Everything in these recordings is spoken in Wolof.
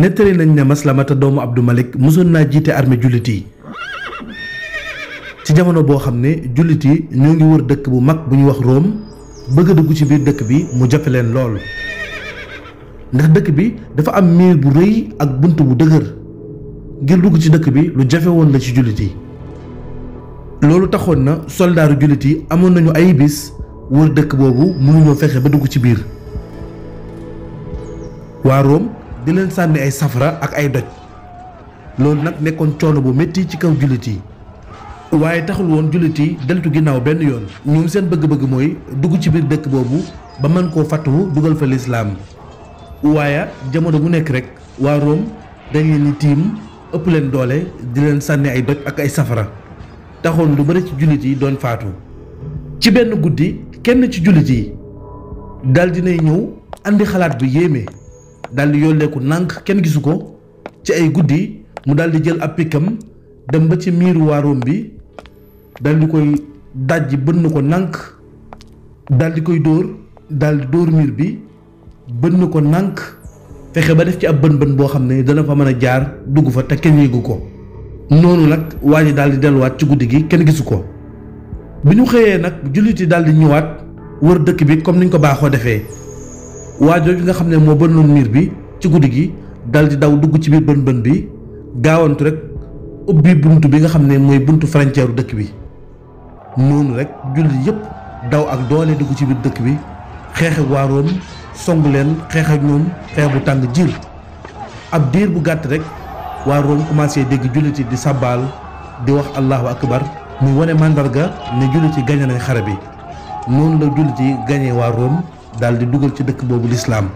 nettali nañ ne maslamata doomu Abdou Malik mosoon naa jiite armée jullit yi ci jamono boo xam ne jullit yi ñoo ngi wër dëkk bu mag bu ñu wax Rome bëgg a dugg ci biir dëkk bi mu jafe leen lool ndax dëkk bi dafa am miir bu rëy ak bunt bu dëgër ngir dugg ci dëkk bi lu jafe woon la ci jullit yi loolu taxoon na soldaaru jullit yi amoon nañu ay bis wër dëkk boobu mënuñoo fexe ba dugg ci biir waa Rome di leen sànni ay safara ak ay doj loolu nag nekkoon coono bu metti ci kaw jullit yi waaye taxul woon jullit yi deltu ginnaaw benn yoon ñoom seen bëgg-bëgg mooy dugg ci biir dëkk boobu ba mën koo fàttuwu dugal fa lislaam waaye jamono bu nekk rek waa Rome dañ leen tiim ëpp leen doole di leen sànni ay doj ak ay safara taxoon lu bari ci jullit yi doon faatu ci benn guddi kenn ci jullit yi dal dinay ñëw andi xalaat bu yéeme daal di yolleeku nànk kenn gisu ko ci ay guddi mu daal di jël ab pikkam dem ba ci miiru waaroom bi daal koy koy dajji na ko nànk daal di koy dóor daal dóor miir bi na ko nank fexe ba def ci ab bën bën boo xam ne dana fa mën a jaar dugg fa te kenn yëgu ko noonu nag waa ji daal di delluwaat ci guddi gi kenn gisu ko bi ñu xëyee nag jullit yi daal di ñëwaat wër dëkk bi comme niñ ko baaxoo defee waa jooju nga xam ne moo bënnoon miir bi ci guddi gi dal di daw dugg ci biir bën bën bi gaawantu rek ubbi bunt bi nga xam ne mooy buntu frontière dëkk bi noonu rek julli yëpp daw ak doole dugg ci biir dëkk bi xeex ak waa Room song leen xeex moom xeex bu tàng jiir ab diir bu gàtt rek waa Room commencé dégg julliti di sàbbaal di wax allahu akbar muy wane màndarga ne julliti gañe nañ xare bi noonu la julliti gañe waa Room daal di dugal ci dëkk boobu lislaam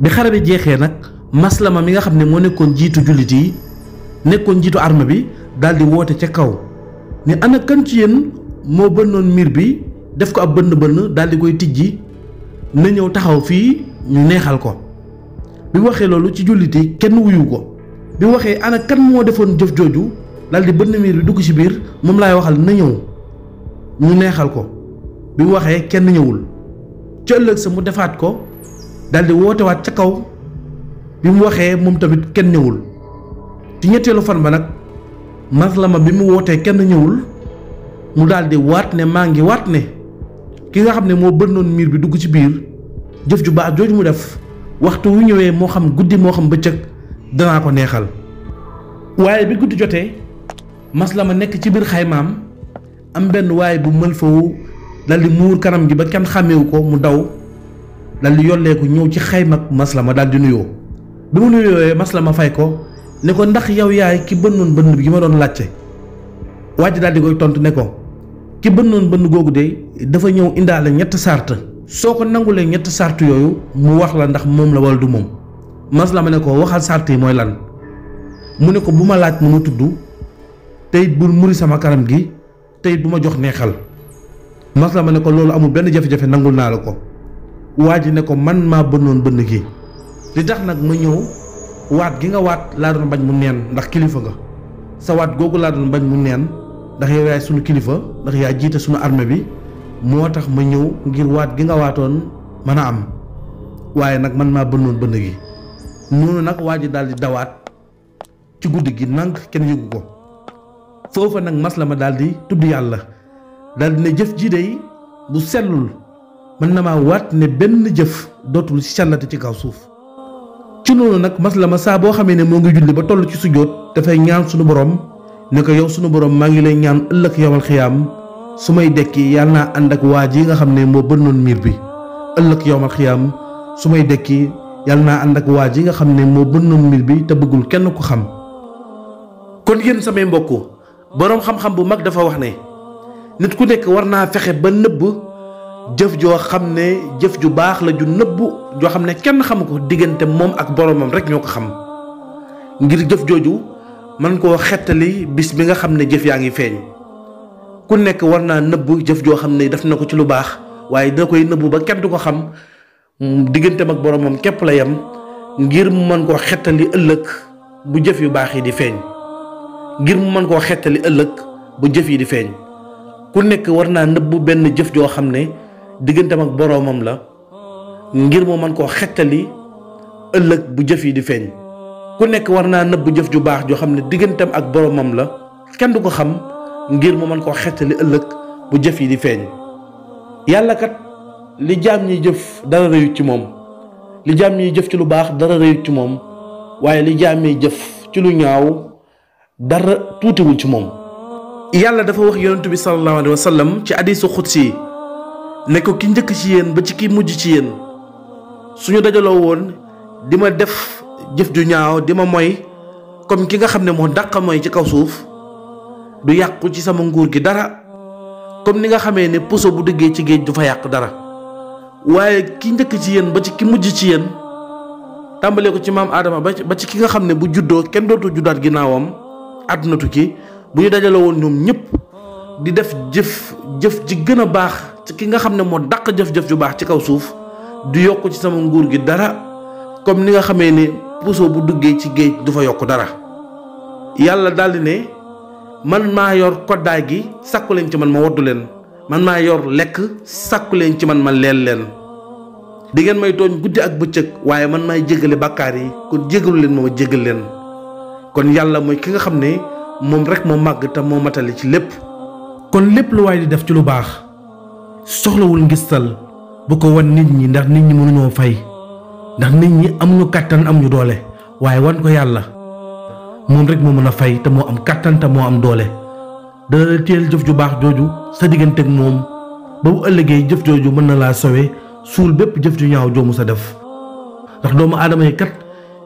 bi xare bi jeexee nag masla ma mi nga xam ne moo nekkoon jiitu jullit yi nekkoon jiitu arma bi daal di woote ca kaw ne ana kan ci yéen moo bënnoon miir bi def ko ab bënn bënn daal di koy tijji na ñëw taxaw fii ñu neexal ko bi waxee loolu ci jullit yi kenn wuyu ko bi waxee ana kan moo defoon jëf jooju daal bënn miir bi dugg ci biir moom laay waxal na ñëw ñu neexal ko bi waxee kenn ñëwul ci ëllëg sa mu defaat ko daal di wootewaat ca kaw bi mu waxee moom tamit kenn ñëwul ci ñetteelu fan ba nag maslama bi mu wootee kenn ñëwul mu daldi di waat ne maa ngi waat ne ki nga xam ne moo bënnoon miir bi dugg ci biir jëf ju baax jooju mu def waxtu wu ñëwee moo xam guddi moo xam bëccëg danaa ko neexal waaye bi guddi jotee maslama nekk ci biir xaymaam am benn waaye bu mën fawu dal di muur kanam gi ba kenn xàmmewu ko mu daw dal di yolleeku ñëw ci xayma maslama dal di nuyoo bi mu nuyooyee ma fay ko ne ko ndax yow yaay ki bënnoon bënn bi gi ma doon laajte wàcc daal di koy tontu ne ko ki bënnoon bënn googu de dafa ñëw indaale ñett sart soo ko nangulee ñett sart yooyu mu wax la ndax moom la wala du moom ma ne ko waxal sart yi mooy lan mu ne ko bu ma laaj nu ma tudd teyit bul muri sama kanam gi teyit bu ma jox neexal ma ne ko loolu amul benn jafe-jafe nangul naa la ko waa ji ne ko man maa bënnoon bënn gi li tax nag ma ñëw waat gi nga waat laa doon bañ mu neen ndax kilifa nga sa waat googu laa doon bañ mu neen ndax yow yaay sunu kilifa ndax yaa jiite sunu armée bi moo tax ma ñëw ngir waat gi nga waatoon mën a am waaye nag man maa bënnoon bënn gi noonu nag waa ji daal di dawaat ci guddi gi nànk kenn yëgu ko foofa nag maslama daal di tudd yàlla daal dina jëf ji day bu sellul mën na maa waat ne benn jëf dootul sàllate ci kaw suuf ci noonu nag masla ma saa boo xamee ne moo ngi julli ba toll ci sujjóot dafay ñaan sunu boroom ne ko yow sunu borom maa ngi lay ñaan ëllëg yowal xiyaam su may dekki yàlla naa ànd ak waa ji nga xam ne moo bënnoon miir bi ëllëg yowmal xiyaam su may dekki yàlla naa ànd ak waa ji nga xam ne moo bënnoon miir bi te bëggul kenn ko xam kon yéen samay mbokk boroom xam bu mag dafa wax ne nit ku nekk war naa fexe ba nëbb jëf joo xam ne jëf ju baax la ju nëbb joo xam ne kenn xamu ko diggante moom ak boromam rek ñoo ko xam ngir jëf jooju mën koo xettali bis bi nga xam ne jëf yaa ngi feeñ ku nekk war naa nëbb jëf joo xam ne def na ko ci lu baax waaye dina koy nëbb ba kenn du ko xam digganteem ak boromam képp la yem ngir mu mën koo xettali ëllëg bu jëf yu baax yi di feeñ ngir mu mën koo xettali ëllëg bu jëf yi di feeñ ku nekk war naa nëbbu benn jëf joo xam ne diggantam ak boroomam la ngir mu mën koo xettali ëllëg bu jëf yi di feeñ ku nekk war naa nëbb jëf ju baax joo xam ne digganteem ak boroomam la kenn du ko xam ngir mu mën koo xettali ëllëg bu jëf yi di feeñ yàlla kat li jaam ñiy jëf dara rëyut ci moom li jaam yi jëf ci lu baax dara rëyut ci moom waaye li jaam jëf ci lu ñaaw dara tuutiwul ci moom yàlla dafa wax yonent bi sallallahu alayhi wa sallam ci hadiisu si ne ko ki njëkk ci yéen ba ci ki mujj ci yéen suñu dajaloo woon di ma def jëf ju ñaaw di ma moy comme ki nga xam ne moo dàq moy ci kaw suuf du yàqu ci sama nguur gi dara comme ni nga xamee ne puso bu diggee ci géej du fa yàq dara waaye ki njëkk ci yéen ba ci ki mujj ci yéen tàmbalee ko ci maam aadama ba ci ki nga xam ne bu juddoo kenn dootu juddaat ginnaawam àdduna tukki bu ñu dajale woon ñoom ñëpp di def jëf jëf ji gën a baax ci ki nga xam ne moo daq jëf-jëf ju baax ci kaw suuf du yokk ci sama nguur gi dara comme ni nga xamee ne puso bu duggee ci géej du fa yokk dara yàlla daldi ne man maa yor koddaay gi sàkku leen ci man ma woddu leen man maa yor lekk sàkku leen ci man ma leel leen di ngeen may tooñ guddi ak bëccëg waaye man maay jégale bàkkaar yi kon jégalu leen ma ma jégal leen kon yàlla mooy ki nga xam ne moom rek moo màgg te moo matali ci lépp kon lépp lu waaye di def ci lu baax soxlawul ngistal bu ko wan nit ñi ndax nit ñi mënuñoo fay ndax nit ñi am ñu kàttan am ñu doole waaye wan ko yàlla moom rek moo mën a fay te moo am kàttan te moo am doole dana la téyel jëf ju baax jooju sa digganteeg moom ba bu ëllëgee jëf jooju mën na laa sowe suul bépp jëf ju ñaaw joomu sa def ndax doomu aadama yi kat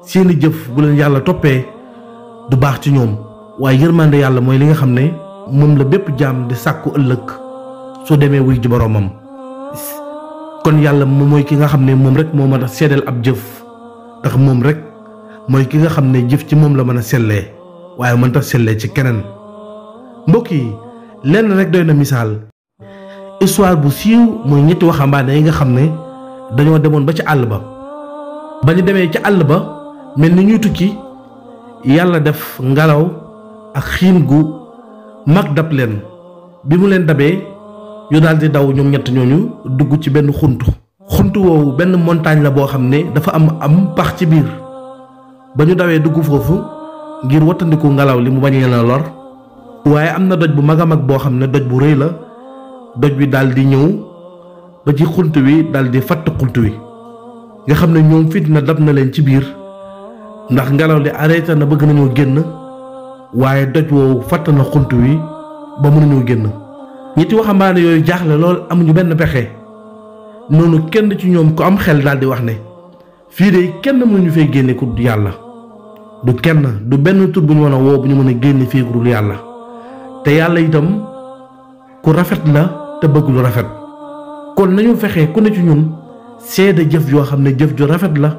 seeni jëf bu leen yàlla toppee du baax ci ñoom waaye yërmande yàlla mooy li nga xam ne moom la bépp jaam di sàkku ëllëg soo demee wuy ji boroomam kon yàlla moom mooy ki nga xam ne moom rek moo mën a seddal ab jëf ndax moom rek mooy ki nga xam ne jëf ci moom la mën a sellee waaye mënta sellee ci keneen mbokk yi lenn rek doy na misaal histoire bu siiw mooy ñetti waxambaane yi nga xam ne dañoo demoon ba ca àll ba ba ñu demee ci àll ba mel ni ñuy tukki yàlla def ngelaw ak xiin gu mag dab leen bi mu leen dabee ñu daal di daw ñoom ñett ñooñu dugg ci benn xuntu xuntu woowu benn montagne la boo xam ne dafa am am pax ci biir ba ñu dawee dugg foofu ngir wattandiku ngelaw li mu bañ leen a lor waaye am na doj bu mag a mag boo xam ne doj bu rëy la doj bi daal di ñëw ba ci xunt wi daal fatt xunt wi nga xam ne ñoom fitna dab na leen ci biir ndax ngelaw li arrêté na bëgg nañoo génn waaye doj woowu fatt na xunt wi ba mënuñoo génn ñetti waxambaane yooyu jaaxle lool amuñu benn pexe noonu kenn ci ñoom ku am xel daal di wax ne fii de kenn mënuñu fee génne ku yàlla du kenn du benn tur bu ñu mën woo bu ñu mën a génne fii ku dul yàlla te yàlla itam ku rafet la te bëgg rafet kon nañu fexe ku ne ci ñun seede jëf yoo xam ne jëf ju rafet la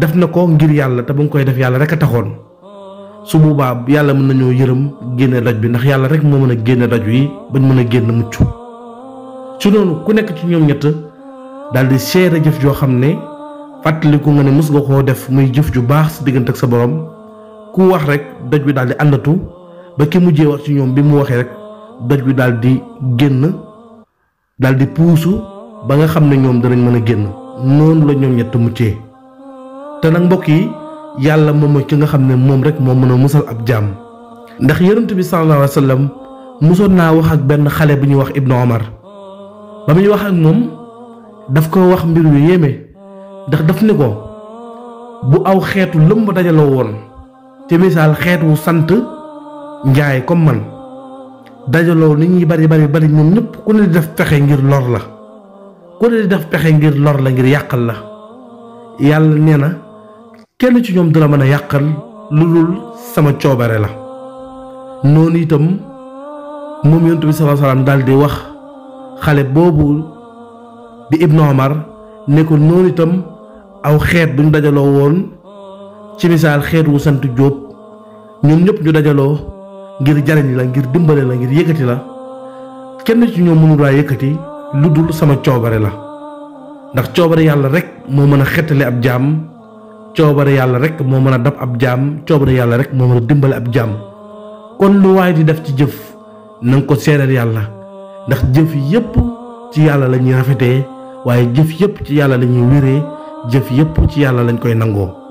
def na ko ngir yàlla te bu nga koy def yàlla rek a taxoon su boobaa yàlla mën nañoo yërëm génne daj bi ndax yàlla rek moo mën a génne daj wi bañ mën a génn mucc ci noonu ku nekk ci ñoom ñett daal di seere jëf joo xam ne fàttaliku nga ne mës nga koo def muy jëf ju baax sa diggante ak sa borom ku wax rek daj bi daal di àndatu ba ki mujjee wax ci ñoom bi mu waxee rek daj bi daal di génn daal di puusu ba nga xam ne ñoom danañ mën a génn noonu la ñoom ñett muccee te nag mbokk yi yàlla moom mooy ki nga xam ne moom rek moo mën a musal ab jàmm ndax yonent bi sallallahu alayhi wa sallam musoon naa wax ak benn xale bu ñuy wax Ibnu Omar ba muy wax ak moom daf ko wax mbir yu yéeme ndax daf ne ko bu aw xeetu lëmb dajaloo woon ci misaal xeet wu sant njaay comme man dajaloo ni ñuy bari bari bari moom ñëpp ku ne di def pexe ngir lor la ku ne di def pexe ngir lor la ngir yàqal la yàlla nee na kenn ci ñoom dala mën a yàqal lu dul sama coobare la noonu itam moom yonent bi sallallahu alayhi wasallam daal di wax xale boobu di Ibnu Omar ne ko noonu itam aw xeet bu ñu dajaloo woon ci misaal xeet wu sant Jóob ñoom ñëpp ñu dajaloo ngir jariñ la ngir dimbale la ngir yëkkati la kenn ci ñoom mënul laa yëkkati lu dul sama coobare la ndax coobare yàlla rek moo mën a xettali ab jaam coobare yàlla rek moo mën a dab ab jaam coobare yàlla rek moo mën a dimbale ab jàmm kon lu waay di def ci jëf na nga ko seereel yàlla ndax jëf yépp ci yàlla la ñuy rafetee waaye jëf yépp ci yàlla la ñuy jëf yépp ci yàlla lañ koy nangoo